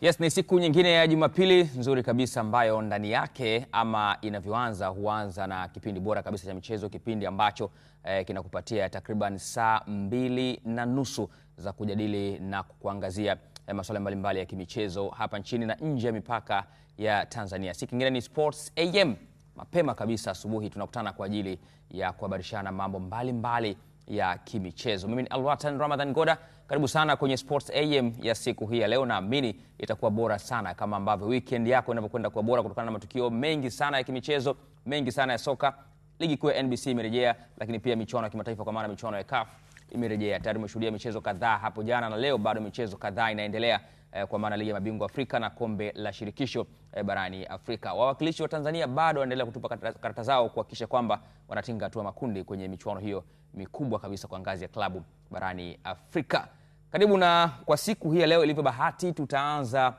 Yes, ni siku nyingine ya Jumapili nzuri kabisa ambayo ndani yake ama inavyoanza huanza na kipindi bora kabisa cha michezo, kipindi ambacho eh, kinakupatia takriban saa mbili na nusu za kujadili na kukuangazia eh, masuala mbalimbali ya kimichezo hapa nchini na nje ya mipaka ya Tanzania. Siku nyingine ni Sports AM. Mapema kabisa asubuhi tunakutana kwa ajili ya kuhabarishana mambo mbalimbali ya kimichezo. Mimi ni Alwatan Ramadhan Goda, karibu sana kwenye Sports AM ya siku hii ya leo. Naamini itakuwa bora sana kama ambavyo weekend yako inavyokwenda kuwa bora kutokana na matukio mengi sana ya kimichezo, mengi sana ya soka. Ligi kuu ya NBC imerejea, lakini pia michuano ya kimataifa kwa maana michuano ya CAF imerejea. Tayari umeshuhudia michezo kadhaa hapo jana na leo bado michezo kadhaa inaendelea eh, kwa maana ligi ya mabingwa Afrika na kombe la shirikisho eh, barani Afrika. Wawakilishi wa Tanzania bado wanaendelea kutupa karata zao kuhakikisha kwamba wanatinga hatua makundi kwenye michuano hiyo mikubwa kabisa kwa ngazi ya klabu barani Afrika. Karibu na kwa siku hii ya leo ilivyo bahati, tutaanza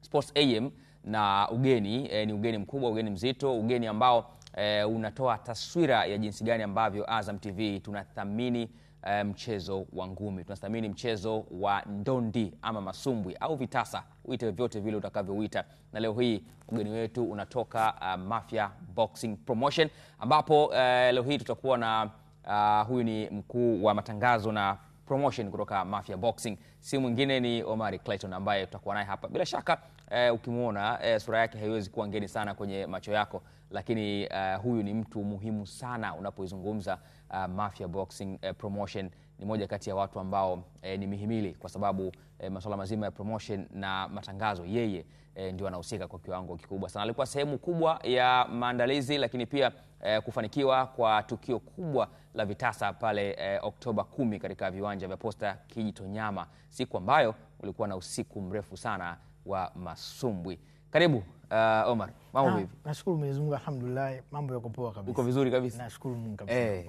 Sports AM na ugeni eh, ni ugeni mkubwa, ugeni mzito, ugeni ambao eh, unatoa taswira ya jinsi gani ambavyo Azam TV tunathamini Eh, mchezo wa ngumi. Tunathamini mchezo wa ndondi ama masumbwi au vitasa, uite vyote vile utakavyouita, na leo hii ugeni wetu unatoka uh, Mafia Boxing Promotion ambapo uh, leo hii tutakuwa na uh, huyu ni mkuu wa matangazo na promotion kutoka Mafia Boxing, si mwingine ni Omari Clayton ambaye tutakuwa naye hapa bila shaka eh, ukimwona eh, sura yake haiwezi kuwa ngeni sana kwenye macho yako, lakini eh, huyu ni mtu muhimu sana unapoizungumza eh, Mafia Boxing eh, Promotion ni moja kati ya watu ambao eh, ni mihimili kwa sababu eh, masuala mazima ya promotion na matangazo yeye eh, ndio anahusika kwa kiwango kikubwa sana. Alikuwa sehemu kubwa ya maandalizi lakini pia eh, kufanikiwa kwa tukio kubwa la Vitasa pale eh, Oktoba kumi katika viwanja vya Posta Kijitonyama, siku ambayo ulikuwa na usiku mrefu sana wa masumbwi. Karibu uh, Omar, mambo ah, vipi? Nashukuru Mwenyezi Mungu, alhamdulillah, mambo yako poa kabisa. Uko vizuri kabisa? Nashukuru Mungu kabisa. Eh,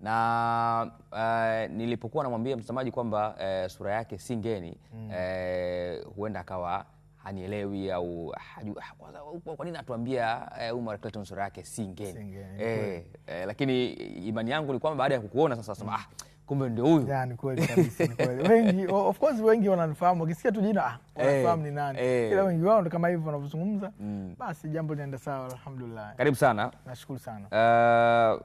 na uh, nilipokuwa namwambia mtazamaji kwamba uh, sura yake si ngeni mm. uh, huenda akawa hanielewi au ah, kwa nini atuambia umar uh, Clayton sura yake si ngeni eh, eh, lakini imani yangu ni kwamba baada ya kukuona sasa, sasa mm. ah kumbe ndio huyu. Yeah, ni kweli kabisa, Wengi of course wengi wananifahamu, wakisikia tu jina ah, wanafahamu hey, eh, ni nani. Hey. Eh. Ila wengi wao kama hivyo wanavyozungumza. Mm. Basi jambo linaenda sawa alhamdulillah. Karibu sana. Nashukuru sana. Uh,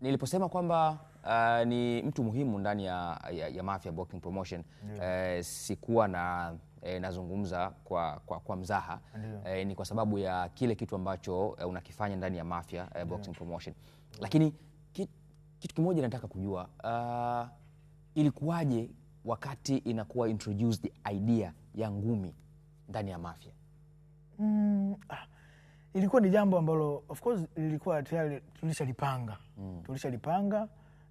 niliposema kwamba uh, ni mtu muhimu ndani ya, ya, ya Mafia Boxing Promotion yeah. Uh, sikuwa na E, nazungumza kwa, kwa, kwa mzaha e, ni kwa sababu ya kile kitu ambacho e, unakifanya ndani ya Mafia e, Boxing Promotion, lakini kitu kimoja nataka kujua uh, ilikuwaje wakati inakuwa introduced idea ya ngumi ndani ya Mafia? Mm, ah, ilikuwa ni jambo ambalo of course lilikuwa tayari tulishalipanga mm. tulishalipanga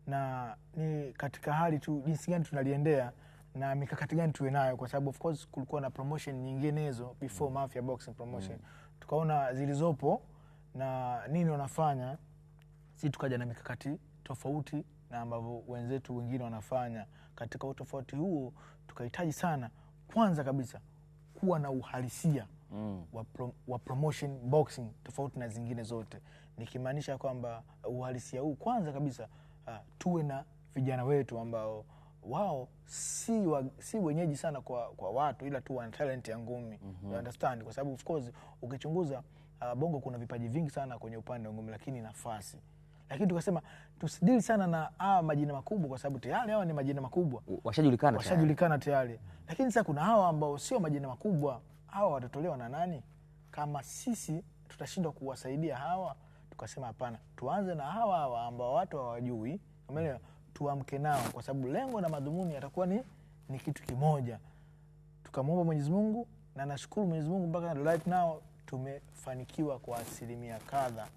na ni katika hali tu jinsi gani tunaliendea na mikakati gani tuwe nayo, kwa sababu of course kulikuwa na promotion nyinginezo before mm. Mafia Boxing promotion mm. tukaona zilizopo na nini wanafanya, si tukaja na mikakati tofauti na ambavyo wenzetu wengine wanafanya. Katika utofauti huo, tukahitaji sana kwanza kabisa kuwa na uhalisia mm. wa, pro, wa promotion boxing tofauti na zingine zote, nikimaanisha kwamba uhalisia huu kwanza kabisa uh, tuwe na vijana wetu ambao wao si, wa, si wenyeji sana kwa, kwa watu ila tu wana ya ngumi mm -hmm. understand, kwa sababu of course ukichunguza uh, Bongo kuna vipaji vingi sana kwenye upande wa ngumi, lakini nafasi lakini tukasema tusidili sana na hawa majina makubwa, kwa sababu tayari hawa ni majina makubwa, washajulikana washajulikana tayari. Lakini sasa kuna hawa ambao sio majina makubwa, hawa watatolewa na nani? Kama sisi tutashindwa kuwasaidia hawa, tukasema hapana, tuanze na hawa hawa ambao watu hawajui, umeelewa? Tuamke nao, kwa sababu lengo na madhumuni yatakuwa ni, ni kitu kimoja. Tukamwomba Mwenyezi Mungu na nashukuru Mwenyezi Mungu mpaka right now tumefanikiwa kwa asilimia kadha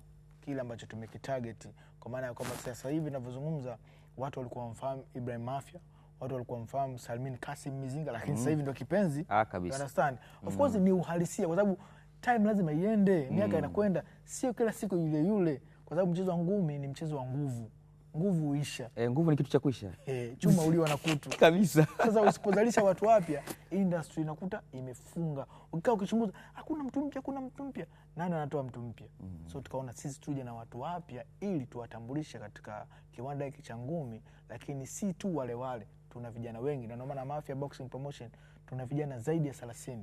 kile ambacho tumekitarget, kwa maana ya kwamba sasa hivi ninavyozungumza watu walikuwa wamfahamu Ibrahim Mafia, watu walikuwa wamfahamu Salmin Kasim Mizinga, lakini mm. sasa hivi ndio kipenzi ah, Understand of course mhm. ni uhalisia, kwa sababu time lazima iende, miaka mm. inakwenda, sio kila siku yule yule, kwa sababu mchezo wa ngumi ni mchezo wa nguvu nguvu huisha. E, nguvu ni kitu cha kuisha. E, chuma uliwa na kutu kabisa. Sasa usipozalisha watu wapya, industry inakuta imefunga. Ukikaa ukichunguza, hakuna mtu mpya, hakuna mtu mpya, nani anatoa mtu mpya? mm -hmm. So tukaona sisi tuje na watu wapya ili tuwatambulishe katika kiwanda hiki cha ngumi, lakini si tu wale wale, tuna vijana wengi, na ndio maana Mafia Boxing Promotion tuna vijana zaidi ya 30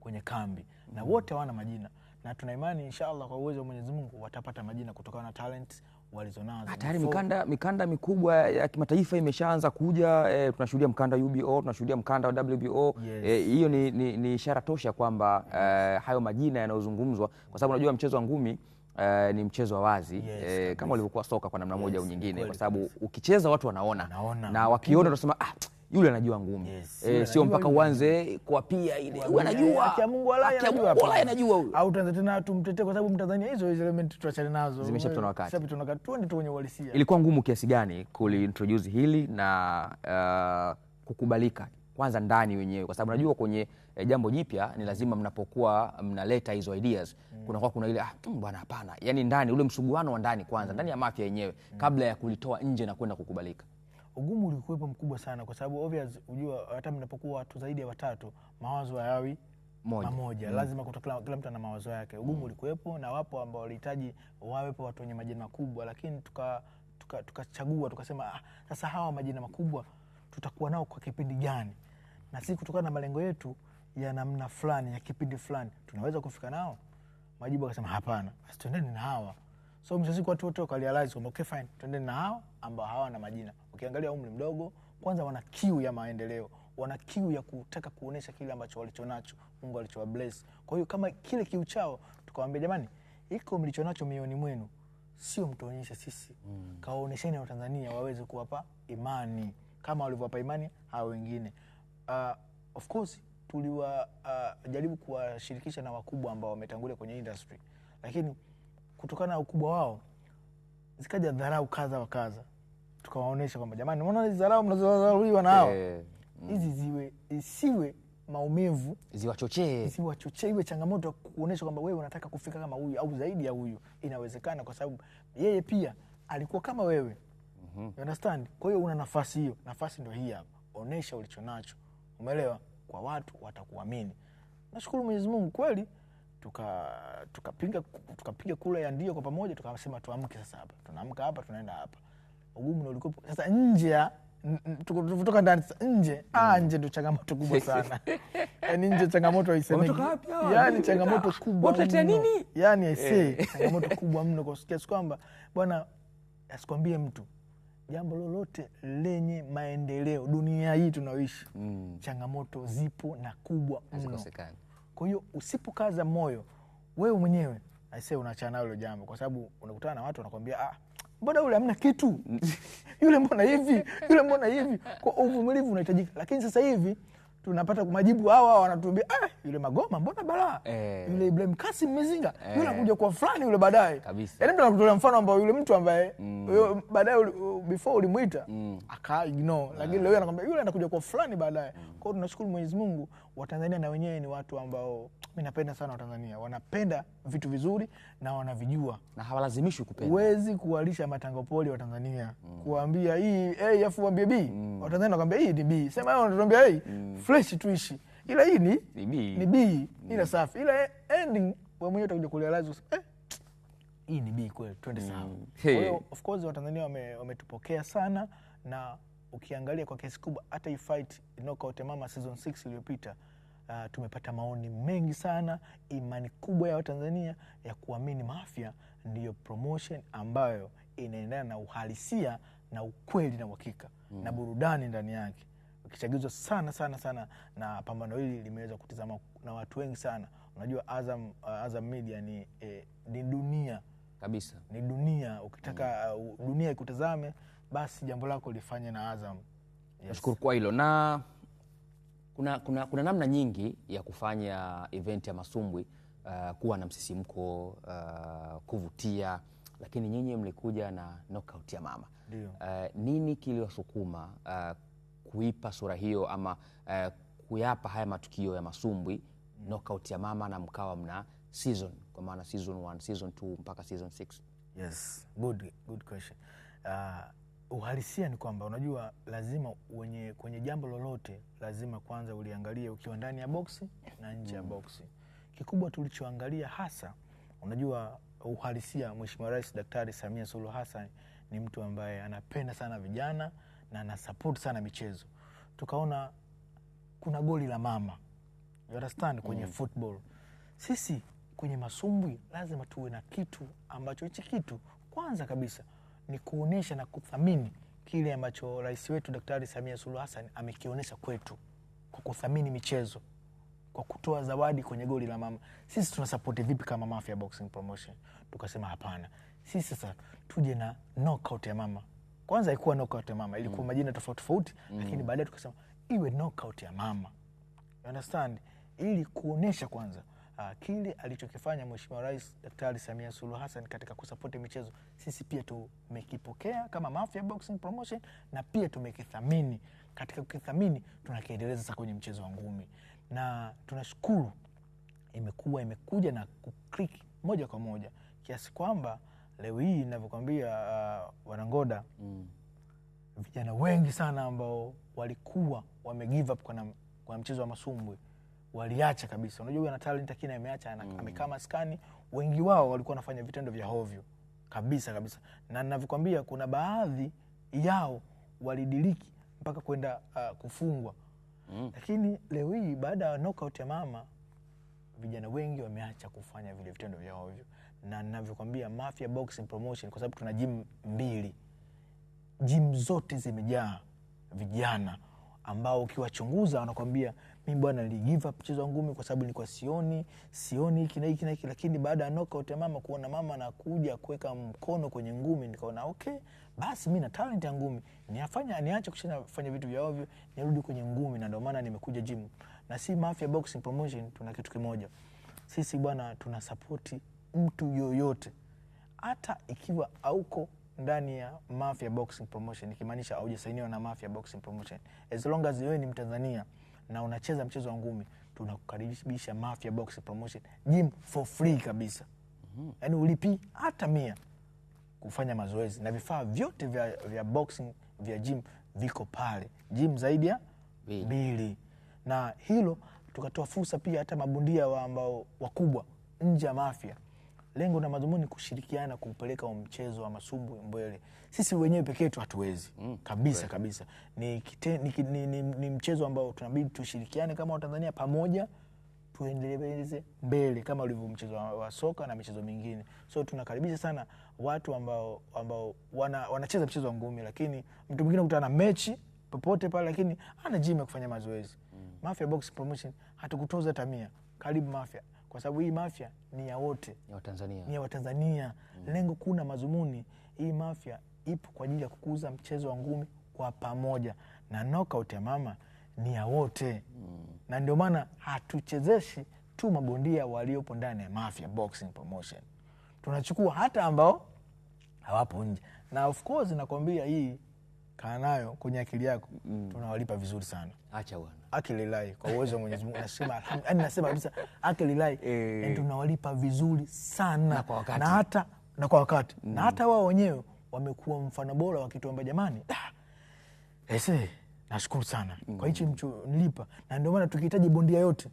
kwenye kambi mm. na wote hawana majina, na tuna imani inshallah, kwa uwezo wa Mwenyezi Mungu watapata majina kutokana na talent walizonazo. Ah, tayari mikanda, mikanda mikubwa ya kimataifa imeshaanza kuja e, tunashuhudia mkanda wa UBO, tunashuhudia eh, mkanda wa WBO hiyo. Yes. E, ni, ni, ni ishara tosha kwamba e, hayo majina yanayozungumzwa, kwa sababu unajua mchezo wa ngumi Uh, ni mchezo wa wazi yes, eh, kama ulivyokuwa soka kwa namna yes, moja au nyingine, kwa sababu ukicheza watu wanaona, wanaona. Na wakiona unasema ah yule anajua ngumi yes, e, sio mpaka uanze kuapia ile anajua akia Mungu alaye anajua anajua huyo, au tuanze tena tumtetee, kwa sababu Mtanzania hizo hizo element tuachane nazo, zimeshapita na wakati, sasa tunaka twende tu kwenye uhalisia. Ilikuwa ngumu kiasi gani kuli introduce hili na uh, kukubalika kwanza ndani wenyewe, kwa sababu najua kwenye eh, jambo jipya ni lazima mnapokuwa mnaleta hizo ideas mm. kwa kuna ile ah, mm, bwana hapana, yani ndani ule msuguano wa ndani kwanza, mm. ndani ya Mafia yenyewe mm. kabla ya kulitoa nje na kwenda kukubalika ugumu ulikuwepo mkubwa sana, kwa sababu obvious, unajua hata mnapokuwa watu zaidi ya watatu mawazo hayawi moja, mamoja. Mm. Lazima kutoka kila mtu ana mawazo yake. Ugumu mm. ulikuwepo na wapo ambao walihitaji wawepo watu wenye majina makubwa, lakini tukachagua tuka, tuka tukasema ah, sasa hawa majina makubwa tutakuwa nao kwa kipindi gani? Na si kutokana na malengo yetu ya namna fulani ya kipindi fulani tunaweza kufika nao? Majibu akasema hapana, basi tuendeni na hawa. So mwisho watu wote wakarealize kwamba okay fine, tuendeni na hawa ambao hawa na majina ukiangalia umri mdogo, kwanza wana kiu ya maendeleo, wana kiu ya kutaka kuonesha kile ambacho walichonacho Mungu alichowa bless. Kwa hiyo kama kile kiu chao, tukawambia jamani, iko mlichonacho mioni mwenu sio mtuonyeshe sisi mm. Kawaonesheni Watanzania waweze kuwapa imani kama walivyowapa imani hawa wengine. Uh, of course tuliwajaribu uh, kuwashirikisha na wakubwa ambao wametangulia kwenye industry, lakini kutokana na ukubwa wao zikaja dharau kadha wa kadha tukawaonyesha kwamba jamani, mona hizi mnazozaruliwa mnazodharauliwa nao eh, mm. hizi mm. ziwe isiwe maumivu ziwachochee, ziwachochee, iwe changamoto ya kuonyesha kwamba wewe unataka kufika kama huyu au zaidi ya huyu. Inawezekana, kwa sababu yeye pia alikuwa kama wewe mm -hmm. understand. Kwa hiyo una nafasi hiyo, nafasi ndio hii hapa, onesha nacho umeelewa? Kwa watu watakuamini. Nashukuru Mwenyezi Mungu kweli tukapiga tuka tukapiga kula ya ndio kwa pamoja, tukasema tuamke sasa, hapa tunaamka hapa, tunaenda hapa ugumu ulikopo sasa nje ya tutoka ndani sasa nje mm. ah, nje ndo changamoto kubwa sana yani nje changamoto haisemeki yani changamoto kubwa nini yani aisee eh. changamoto kubwa mno kwa kiasi kwamba bwana asikwambie mtu jambo lolote lenye maendeleo dunia hii tunaoishi mm. changamoto zipo na kubwa mno kwa hiyo usipokaza moyo wewe mwenyewe aisee unachana nayo jambo kwa sababu unakutana na watu wanakwambia ah, mbona yule hamna kitu yule mbona hivi yule mbona hivi. Kwa uvumilivu unahitajika, lakini sasa hivi tunapata majibu hawa wanatuambia, ah, yule Magoma mbona balaa eh, yule Ibrahim Kasim Mezinga eh, yule anakuja kwa fulani yule baadaye. Yaani mtu anakutolea mfano ambao yule mtu ambaye mm, baadaye uh, before ulimuita mm, aka ignore, lakini eh. leo anakuambia yule anakuja kwa fulani baadaye. mm. kwao tunashukuru Mwenyezi Mungu Watanzania na wenyewe ni watu ambao mi napenda sana Watanzania, wanapenda vitu vizuri na wanavijua na hawalazimishwi kupenda. Huwezi kuwalisha matangopoli Watanzania mm. kuwambia hii hey, afu wambie B mm. Watanzania nakwambia hii ni B, sema wanatuambia hii mm. fresh tuishi, ila hii ni ni B mm. ila mm. safi, ila ending wewe mwenyewe utakuja kurealize eh, hii ni B kweli, twende sawa. Mm. Kwa hiyo of course Watanzania wametupokea wame sana na ukiangalia kwa kiasi kubwa hata hii knockout ya mama season 6 iliyopita Uh, tumepata maoni mengi sana, imani kubwa ya Watanzania ya kuamini mafya ndiyo promotion ambayo inaendana na uhalisia na ukweli na uhakika mm, na burudani ndani yake, ukichagizwa sana sana sana na pambano hili limeweza kutizama na watu wengi sana. Unajua Azam, uh, Azam Media ni, eh, ni dunia kabisa, ni dunia ukitaka, mm, uh, dunia ikutazame basi jambo lako lifanye na Azam. Nashukuru Yes. kwa hilo na kuna, kuna, kuna namna nyingi ya kufanya event ya masumbwi uh, kuwa na msisimko uh, kuvutia, lakini nyinyi mlikuja na knockout ya mama uh, nini kiliwasukuma uh, kuipa sura hiyo ama uh, kuyapa haya matukio ya masumbwi mm. knockout ya mama na mkawa mna season kwa maana season 1 season 2 mpaka season 6? Yes, good, good question uh, uhalisia ni kwamba unajua, lazima wenye, kwenye jambo lolote lazima kwanza uliangalie ukiwa ndani ya boksi na nje ya mm. boksi. Kikubwa tulichoangalia hasa, unajua uhalisia, Mheshimiwa Rais Daktari Samia Suluhu Hassan ni mtu ambaye anapenda sana vijana na anasapoti sana michezo. Tukaona kuna goli la mama you understand kwenye mm. football. Sisi kwenye masumbwi lazima tuwe na kitu ambacho hichi kitu kwanza kabisa ni kuonesha na kuthamini kile ambacho rais wetu Daktari Samia Suluhu Hassan amekionyesha kwetu kwa kuthamini michezo, kwa kutoa zawadi kwenye goli la mama. Sisi tuna tunasapoti vipi kama Mafia Boxing Promotion? Tukasema hapana, sisi sasa tuje na knockout ya mama. Kwanza haikuwa knockout ya mama, ilikuwa mm. majina tofauti tofauti mm. lakini baadaye tukasema iwe knockout ya mama, you understand, ili kuonesha kwanza uh, kile alichokifanya Mheshimiwa Rais Daktari Samia Suluhu Hassan katika kusapoti michezo, sisi pia tumekipokea kama Mafia Boxing Promotion na pia tumekithamini. Katika kukithamini, tunakiendeleza sasa kwenye mchezo wa ngumi, na tunashukuru imekuwa imekuja na kukliki moja kwa moja kiasi kwamba leo hii ninavyokwambia, uh, wanangoda mm. vijana wengi sana ambao walikuwa wame give up kwa, kwa mchezo wa masumbwi waliacha kabisa. Unajua huyu ana talent lakini ameacha mm. amekaa maskani. Wengi wao walikuwa wanafanya vitendo vya hovyo kabisa kabisa, na ninavyokwambia, kuna baadhi yao walidiriki mpaka kwenda uh, kufungwa mm. Lakini leo hii baada ya knockout ya mama, vijana wengi wameacha kufanya vile vitendo vya hovyo, na ninavyokwambia Mafia Boxing Promotion, kwa sababu tuna gym mbili, gym zote zimejaa vijana ambao ukiwachunguza wanakwambia mimi bwana niligive up mchezo wangu mimi kwa sababu nilikuwa sioni sioni hiki na hiki na hiki, lakini baada ya knockout ya mama kuona mama anakuja kuweka mkono kwenye ngumi, nikaona okay, basi mimi na talent ya ngumi niafanya niache kushana fanya vitu vya ovyo nirudi kwenye ngumi, na ndio maana nimekuja gym na si Mafia Boxing Promotion. Tuna kitu kimoja sisi bwana, tuna support mtu yoyote, hata ikiwa auko ndani ya Mafia Boxing Promotion, ikimaanisha haujasainiwa na Mafia Boxing Promotion, as long as wewe ni Mtanzania na unacheza mchezo wa ngumi, tunakukaribisha Mafia Box Promotion gym for free kabisa. mm -hmm. Yaani ulipi hata mia kufanya mazoezi na vifaa vyote vya, vya boxing vya gym viko pale, gym zaidi ya mbili, na hilo tukatoa fursa pia hata mabondia wa ambao wakubwa nje ya Mafia lengo na madhumuni kushirikiana kupeleka mchezo wa masumbu mbele. Sisi wenyewe pekee tu hatuwezi mm, kabisa kwe, Kabisa ni, kite, ni, ni, ni, ni mchezo ambao tunabidi tushirikiane kama Watanzania pamoja tuendeleze mbele kama ulivyo mchezo wa soka na michezo mingine. So tunakaribisha sana watu ambao ambao wana, wanacheza mchezo wa ngumi, lakini mtu mwingine kutana na mechi popote pale, lakini ana gym ya kufanya mazoezi mm. Mafia Box Promotion hatukutoza tamia Karibu Mafia kwa sababu hii mafya ni ya wote, ni ya Watanzania. mm. Lengo kuu na mazumuni, hii mafya ipo kwa ajili ya kukuza mchezo wa ngumi kwa pamoja, na knockout ya mama ni ya wote. mm. na ndio maana hatuchezeshi tu mabondia waliopo ndani ya mafya Boxing Promotion, tunachukua hata ambao hawapo nje, na of course nakwambia, hii kaa nayo kwenye akili yako. mm. tunawalipa vizuri sana, acha bwana akililai kwa uwezo wa Mwenyezi Mungu nasema alhamdulillah, yaani nasema kabisa eh. akililai e, tunawalipa vizuri sana na kwa na hata, na kwa wakati mm, na hata wao wenyewe wamekuwa mfano bora wakituamba jamani, ese eh, nashukuru sana mm, kwa hichi nilipa Na ndio maana tukihitaji bondia yote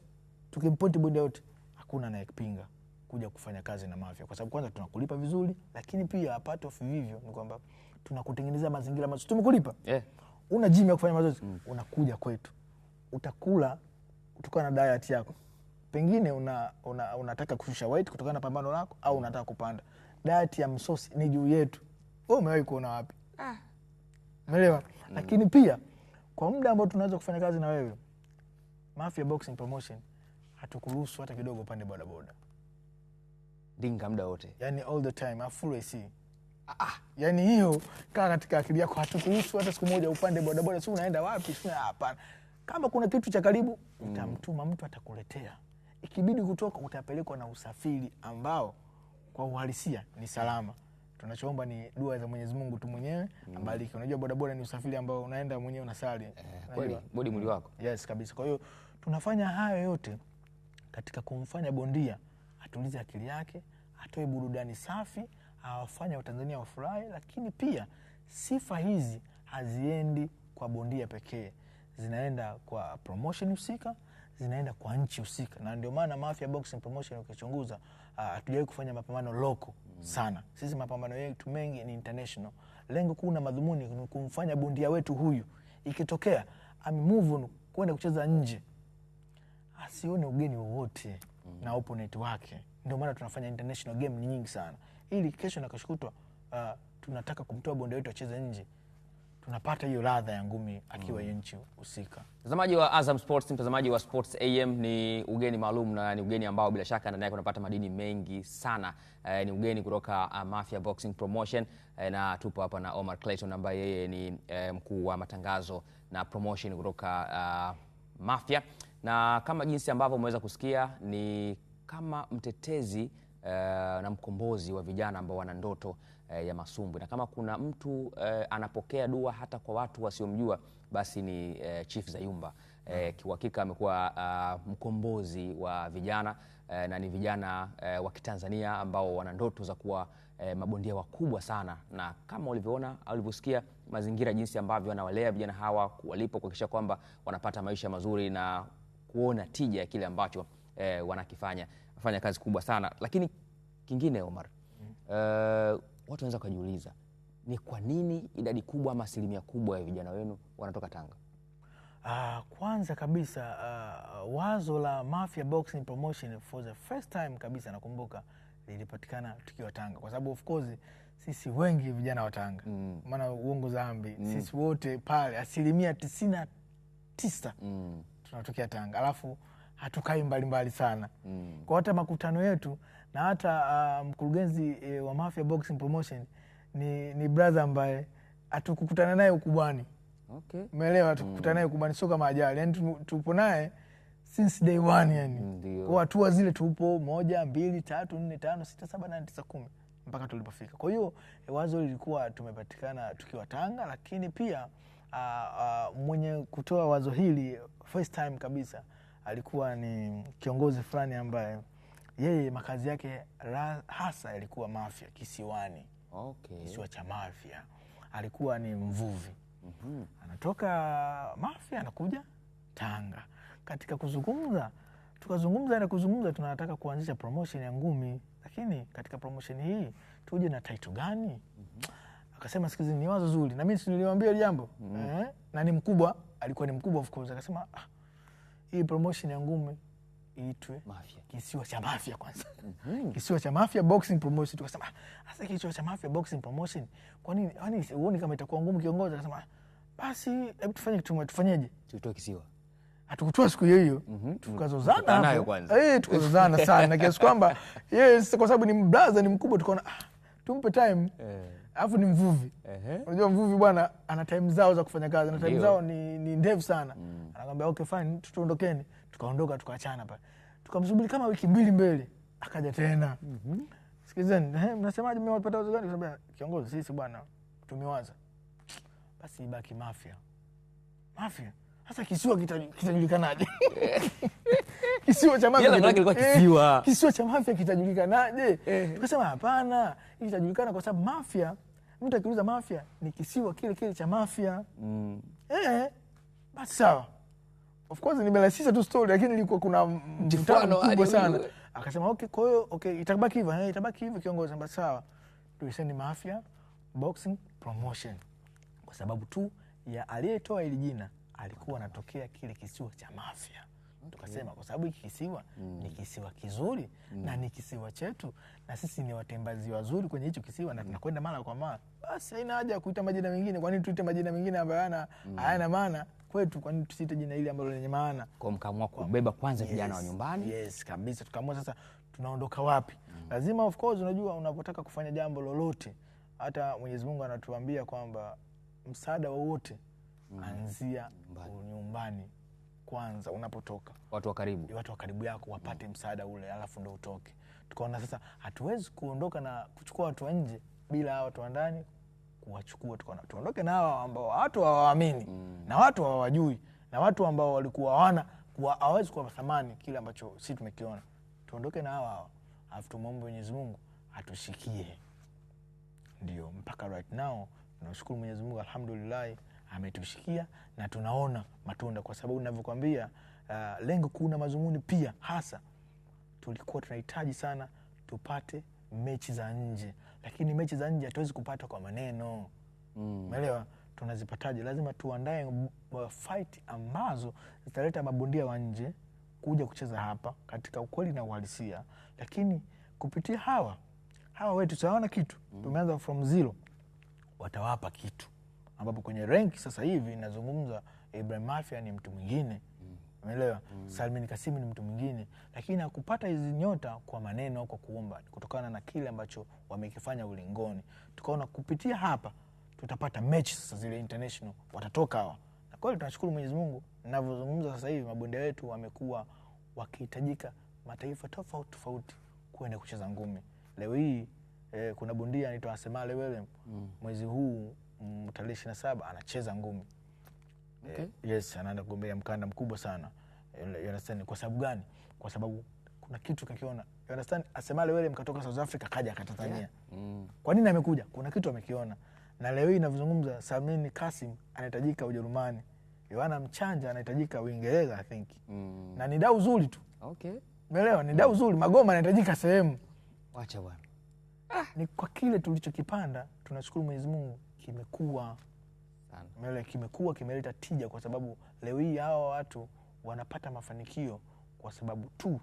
tukimpoti bondia yote hakuna anayepinga kuja kufanya kazi na Mafia kwa sababu kwanza tunakulipa vizuri, lakini pia apart of vivyo ni kwamba tunakutengenezea mazingira mazuri. Tumekulipa yeah. Una jimu ya kufanya mazoezi mm, unakuja kwetu utakula kutokana na diet yako. Pengine una, una, unataka kushusha weight kutokana na pambano lako au unataka kupanda. Diet ya msosi ni juu yetu. Wewe umewahi kuona wapi? Ah. Umeelewa? Mm. Lakini pia kwa muda ambao tunaweza kufanya kazi na wewe Mafia Boxing Promotion hatukuruhusu hata kidogo upande bodaboda. Dinga muda wote. yani all the time, full AC. Ah, ah, yaani hiyo kaa katika akili yako, hatukuruhusu hata siku moja upande bodaboda. Si unaenda wapi? Si hapana. Kama kuna kitu cha karibu mm. utamtuma mtu atakuletea, ikibidi kutoka utapelekwa na usafiri ambao kwa uhalisia ni salama. Tunachoomba ni dua za Mwenyezi Mungu tu mwenyewe mm. abariki. Unajua bodaboda ni usafiri ambao unaenda mwenyewe unasali eh, bodi mwili wako yes kabisa. Kwa hiyo tunafanya hayo yote katika kumfanya bondia atulize akili yake, atoe burudani safi, awafanya Watanzania wafurahi. Lakini pia sifa hizi haziendi kwa bondia pekee, zinaenda kwa promotion husika zinaenda kwa nchi husika, na ndio maana Mafia Boxing Promotion ukichunguza, ah, hatujawahi uh, kufanya mapambano loko mm. sana. Sisi mapambano yetu mengi ni international. Lengo kuu na madhumuni ni kumfanya bondia wetu huyu, ikitokea amemove on kwenda kucheza nje, asione ugeni wowote mm. na opponent wake. Ndio maana tunafanya international game nyingi sana, ili kesho na keshokutwa uh, ah, tunataka kumtoa bondia wetu acheze nje tunapata hiyo ladha ya ngumi akiwa mm. hiyo mm. nchi husika. Mtazamaji wa Azam Sports, mtazamaji wa Sports AM, ni ugeni maalum na ni ugeni ambao bila shaka ndani yake unapata madini mengi sana. Eh, ni ugeni kutoka uh, Mafia Boxing Promotion eh, na tupo hapa na Omar Clayton ambaye yeye ni eh, mkuu wa matangazo na promotion kutoka uh, Mafia, na kama jinsi ambavyo umeweza kusikia ni kama mtetezi uh, na mkombozi wa vijana ambao wana ndoto eh, ya masumbwi, na kama kuna mtu eh, anapokea dua hata kwa watu wasiomjua basi ni eh, Chief Zayumba eh, hmm. kiuhakika amekuwa uh, mkombozi wa vijana eh, na ni vijana eh, wa Kitanzania ambao wana ndoto za kuwa eh, mabondia wakubwa sana, na kama ulivyoona au ulivyosikia mazingira jinsi ambavyo anawalea vijana hawa, kuwalipa, kuhakikisha kwamba wanapata maisha mazuri na kuona tija ya kile ambacho eh, wanakifanya. Afanya kazi kubwa sana, lakini kingine Omar, mm. uh, watu wanaweza kujiuliza ni kwa nini idadi kubwa ama asilimia kubwa ya vijana wenu wanatoka Tanga? Uh, kwanza kabisa uh, wazo la Mafia Boxing Promotion for the first time kabisa nakumbuka lilipatikana tukiwa Tanga, kwa sababu of course sisi wengi vijana wa Tanga mm. maana uongo zambi mm. sisi wote pale asilimia tisini na tisa mm. tunatokea Tanga, alafu hatukai mbalimbali sana mm. kwa hata makutano yetu na hata uh, mkurugenzi e, wa Mafia Boxing Promotion ni, ni brother ambaye hatukukutana naye ukubwani. Okay. Umeelewa, hatukukutana naye mm. ukubwani, sio kama ajali, yani tupo naye since day one yani. Kwa hatua zile tupo moja, mbili, tatu, nne, tano, sita, saba, nane, tisa, kumi mpaka tulipofika. Kwa hiyo eh, wazo lilikuwa tumepatikana tukiwa Tanga, lakini pia uh, uh, mwenye kutoa wazo hili first time kabisa alikuwa ni kiongozi fulani ambaye yeye makazi yake hasa yalikuwa Mafia kisiwani. Okay. Kisiwa cha Mafia alikuwa ni mvuvi. mm -hmm. Anatoka Mafia anakuja Tanga. Katika kuzungumza tukazungumza na kuzungumza, tunataka kuanzisha promotion ya ngumi, lakini katika promotion hii tuje na title gani? mm -hmm. Akasema sikizi, ni wazo zuri, na mimi si niliwaambia jambo mm -hmm. eh? na ni mkubwa, alikuwa ni mkubwa of course. Akasema ah, hii promotion ya ngumi iitwe Mafia, kisiwa cha Mafia kwanza. mm -hmm. Kisiwa cha Mafia Boxing Promotion. Tukasema hasa ah, kisiwa cha Mafia Boxing Promotion, kwa nini? Yani uone kama itakuwa ngumu kiongozi? Akasema basi, hebu tufanye kitu, tufanyeje? Tutoe kisiwa. Hatukutoa siku hiyo hiyo, mm -hmm. tukazozana nayo kwanza, eh, tukazozana sana kiasi kwamba yeye kwa sababu ni mblaza, ni mkubwa, tukaona ah, tumpe time eh. Alafu ni mvuvi unajua, mvuvi bwana ana time zao za kufanya kazi na time zao ni, ni ndevu sana mm. Anakwambia okay fine, tutuondokeni tukaondoka tukaachana pale, tukamsubiri kama wiki mbili mbele, akaja tena mm -hmm. Sikizeni mnasemaji mnasemaje, mmepata wazo gani? Kusema kiongozi, sisi bwana tumewaza basi ibaki mafya mafya sasa kisiwa kitajulikanaje? kisiwa cha Mafia, eh, kisiwa cha mafya kitajulikanaje? Eh. Tukasema hapana, hii itajulikana kwa sababu mafya mtu akiuliza mafya ni kisiwa kile kile cha mafya mm. Eh, basi sawa of course nimelaisisha tu story, lakini ilikuwa kuna mvutano mkubwa sana. Akasema okay, kwa hiyo okay, itabaki hivyo eh, itabaki hivyo kiongozi. Mbona sawa, tuiseni Mafia Boxing Promotion kwa sababu tu ya aliyetoa ile jina alikuwa anatokea kile kisiwa cha Mafia. Tukasema kwa sababu hiki kisiwa mm. ni kisiwa kizuri mm. na ni kisiwa chetu na sisi ni watembazi wazuri kwenye hicho kisiwa na mm. tunakwenda mara kwa mara, basi haina haja ya kuita majina mengine. kwani tuite majina mengine ambayo hayana mm. maana kwetu? kwani tusiite jina hili ambalo lenye maana? Kwa mkaamua kubeba kwanza vijana yes. wa nyumbani yes, kabisa. Tukaamua sasa tunaondoka wapi? mm. Lazima of course, unajua unapotaka kufanya jambo lolote, hata Mwenyezi Mungu anatuambia kwamba msaada wowote mm. anzia nyumbani kwanza unapotoka, watu wa karibu, watu wa karibu yako wapate mm. msaada ule, alafu ndo utoke. Tukaona sasa hatuwezi kuondoka na kuchukua watu wa nje bila hawa watu wa ndani kuwachukua, tukaona tuondoke na hawa ambao watu hawaamini mm. na watu hawajui na watu ambao walikuwa hawana hawawezi kuwa thamani kile ambacho sisi tumekiona, tuondoke na hawa hawa, alafu tumwombe Mwenyezi Mungu atushikie. Ndio mpaka right now tunashukuru Mwenyezi Mungu alhamdulillah ametushikia na tunaona matunda, kwa sababu ninavyokwambia, uh, lengo kuu na mazumuni pia hasa tulikuwa tunahitaji sana tupate mechi za nje, lakini mechi za nje hatuwezi kupata kwa maneno mm. tunazipataji Tunazipataje? Lazima tuandae uh, fight ambazo zitaleta mabondia wa nje kuja kucheza hapa katika ukweli na uhalisia, lakini kupitia hawa hawa wetu tunaona kitu mm. Tumeanza from zero, watawapa kitu ambapo kwenye renki sasa hivi nazungumza, Ibrahim Mafia ni mtu mwingine umeelewa? mm. mm. Salmin Kasimi ni mtu mwingine, lakini akupata hizi nyota kwa maneno au kwa kuomba, kutokana na kile ambacho wamekifanya ulingoni. Tukaona kupitia hapa tutapata mechi sasa zile international watatoka hawa, na kweli tunashukuru Mwenyezi Mungu, ninavyozungumza sasa hivi mabonde wetu wamekuwa wakihitajika mataifa tofauti tofauti kuenda kucheza ngumi. Leo hii eh, kuna bondia anaitwa Asemale Welem mm. mwezi huu tarehe ishirini na saba anacheza ngumi okay. Eh, yes, anaenda kugombea mkanda mkubwa sana understand. Kwa sababu gani? Kwa sababu kuna kitu kakiona understand. Asemale Wele mkatoka South Africa kaja ka Tanzania yeah. mm. Kwa nini amekuja? Kuna kitu amekiona, na leo hii inavyozungumza Samini Kasim anahitajika Ujerumani, Yohana Mchanja anahitajika Uingereza I think mm. na ni dau zuri tu okay. Umeelewa, ni dau zuri, Magoma anahitajika sehemu. Wacha bwana, ah. ni kwa kile tulichokipanda, tunashukuru Mwenyezi Mungu kimekuwa Mele, kimekuwa kimeleta tija kwa sababu leo hii hawa watu wanapata mafanikio kwa sababu tu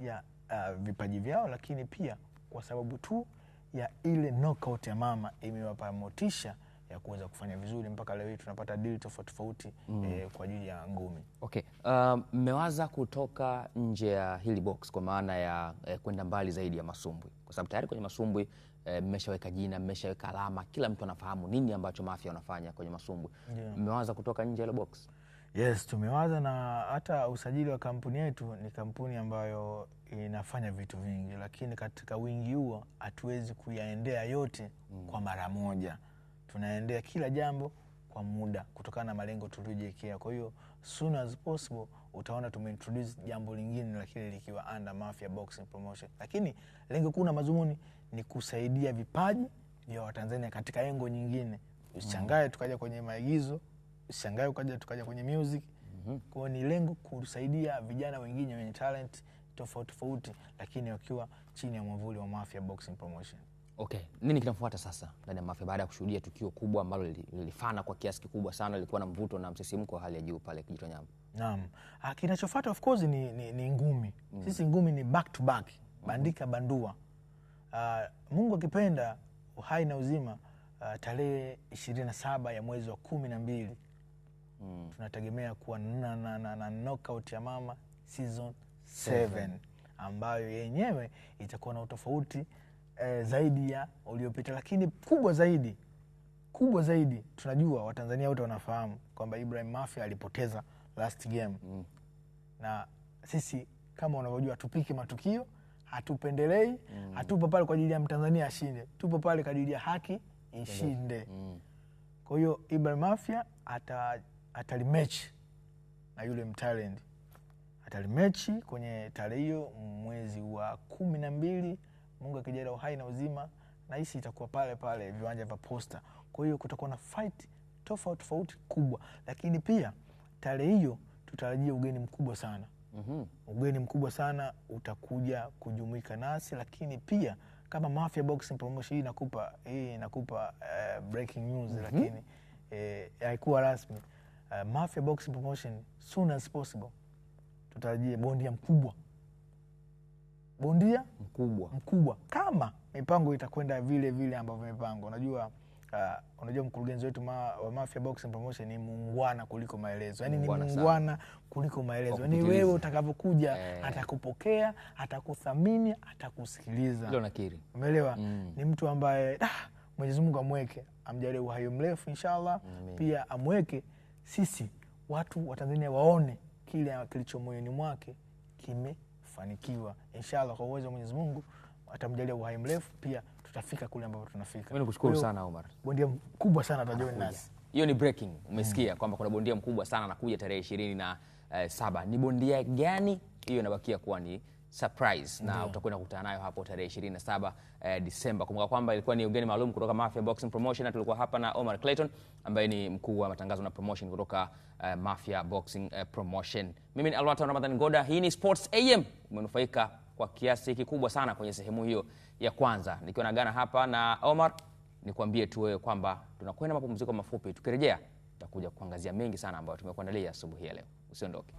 ya uh, vipaji vyao, lakini pia kwa sababu tu ya ile knockout ya mama imewapamotisha ya kuweza kufanya vizuri mpaka leo hii tunapata deal tofauti tofauti mm. eh, kwa ajili ya ngumi. Okay, um, mmewaza um, kutoka nje ya hili box kwa maana ya eh, kwenda mbali zaidi ya masumbwi, kwa sababu tayari kwenye masumbwi eh, mmeshaweka eh, jina, mmeshaweka alama, kila mtu anafahamu nini ambacho Mafia wanafanya kwenye masumbwi. Mmewaza yeah. kutoka nje ya hilo box? Yes, tumewaza na hata usajili wa kampuni yetu ni kampuni ambayo inafanya vitu vingi, lakini katika wingi huo hatuwezi kuyaendea yote mm. kwa mara moja tunaendea kila jambo kwa muda kutokana na malengo tuliojiwekea. Kwa hiyo soon as possible utaona tumeintroduce jambo lingine la kile likiwa under Mafia Boxing Promotion, lakini lengo kuu na madhumuni ni kusaidia vipaji vya Watanzania katika engo nyingine. Usichangae tukaja kwenye maigizo, usichangae ukaja tukaja kwenye music. Mm -hmm. Kwa ni lengo kusaidia vijana wengine wenye talent tofauti tofauti, lakini wakiwa chini ya mwavuli wa Mafia Boxing Promotion. Okay, nini kinafuata sasa ndani ya Mafia baada ya kushuhudia tukio kubwa ambalo lilifana kwa kiasi kikubwa sana, lilikuwa na mvuto na msisimko wa hali ya juu pale Kijitonyama? Naam, ah, kinachofuata of course ni, ni, ni ngumi mm. Sisi ngumi ni back to back, mm-hmm. bandika bandua. Uh, Mungu akipenda uhai na uzima, uh, tarehe ishirini na saba ya mwezi wa kumi na mbili mm. tunategemea kuwa na, na, na, na knockout ya mama season 7 ambayo yenyewe itakuwa na utofauti e, zaidi ya uliopita, lakini kubwa zaidi kubwa zaidi tunajua Watanzania wote wanafahamu kwamba Ibrahim Mafia alipoteza last game mm. na sisi kama unavyojua tupike matukio hatupendelei mm. hatupo pale kwa ajili ya Mtanzania ashinde, tupo pale kwa ajili ya haki ishinde mm. kwa hiyo Ibrahim Mafia ata, na yule Mtailand atalimechi kwenye tarehe hiyo mwezi wa kumi na mbili Mungu akijalia uhai na uzima, nahisi itakuwa pale pale viwanja vya Posta. Kwa hiyo kutakuwa na fight tofauti tofauti kubwa, lakini pia tarehe hiyo tutarajia ugeni mkubwa sana. Mm -hmm. Ugeni mkubwa sana utakuja kujumuika nasi, lakini pia kama Mafia Boxing Promotion hii inakupa hii inakupa uh, breaking news mm -hmm. Lakini eh, haikuwa rasmi uh, Mafia Boxing Promotion soon as possible tutarajie bondia mkubwa bondia mkubwa mkubwa kama mipango itakwenda vile vile ambavyo mipango unajua Uh, unajua mkurugenzi wetu ma, wa Mafia Boxing Promotion ni muungwana kuliko maelezo, yani ni muungwana kuliko maelezo, yani wewe utakavyokuja eh, atakupokea, atakuthamini, atakusikiliza. ndio nakiri, umeelewa? Mm. Ni mtu ambaye ah, Mwenyezi Mungu amweke, amjalie uhai mrefu inshallah. mm. Pia amweke sisi watu wa Tanzania waone kile kilicho moyoni mwake kime kufanikiwa inshallah, kwa uwezo wa Mwenyezi Mungu atamjalia uhai mrefu, pia tutafika kule ambapo tunafika. Mimi nakushukuru sana Omar, bondia mkubwa sana atajoin ah, nasi. Hiyo ni breaking, umesikia mm, kwamba kuna bondia mkubwa sana anakuja tarehe ishirini na eh, saba. Ni bondia gani? Hiyo inabakia kuwa ni surprise na yeah. utakwenda kukutana nayo hapo tarehe 27 eh, Disemba. Kumbuka kwamba ilikuwa ni ugeni maalum kutoka Mafia Boxing Promotion na tulikuwa hapa na Omar Clayton ambaye ni mkuu wa matangazo na promotion kutoka eh, Mafia Boxing eh, Promotion. Mimi ni Alwata Ramadhan Goda, hii ni Sports AM. Umenufaika kwa kiasi kikubwa sana kwenye sehemu hiyo ya kwanza, nikiwa na nagana hapa na Omar. Nikwambie tu wewe kwamba tunakwenda mapumziko mafupi, tukirejea tutakuja kuangazia mengi sana ambayo tumekuandalia asubuhi ya leo. Usiondoke.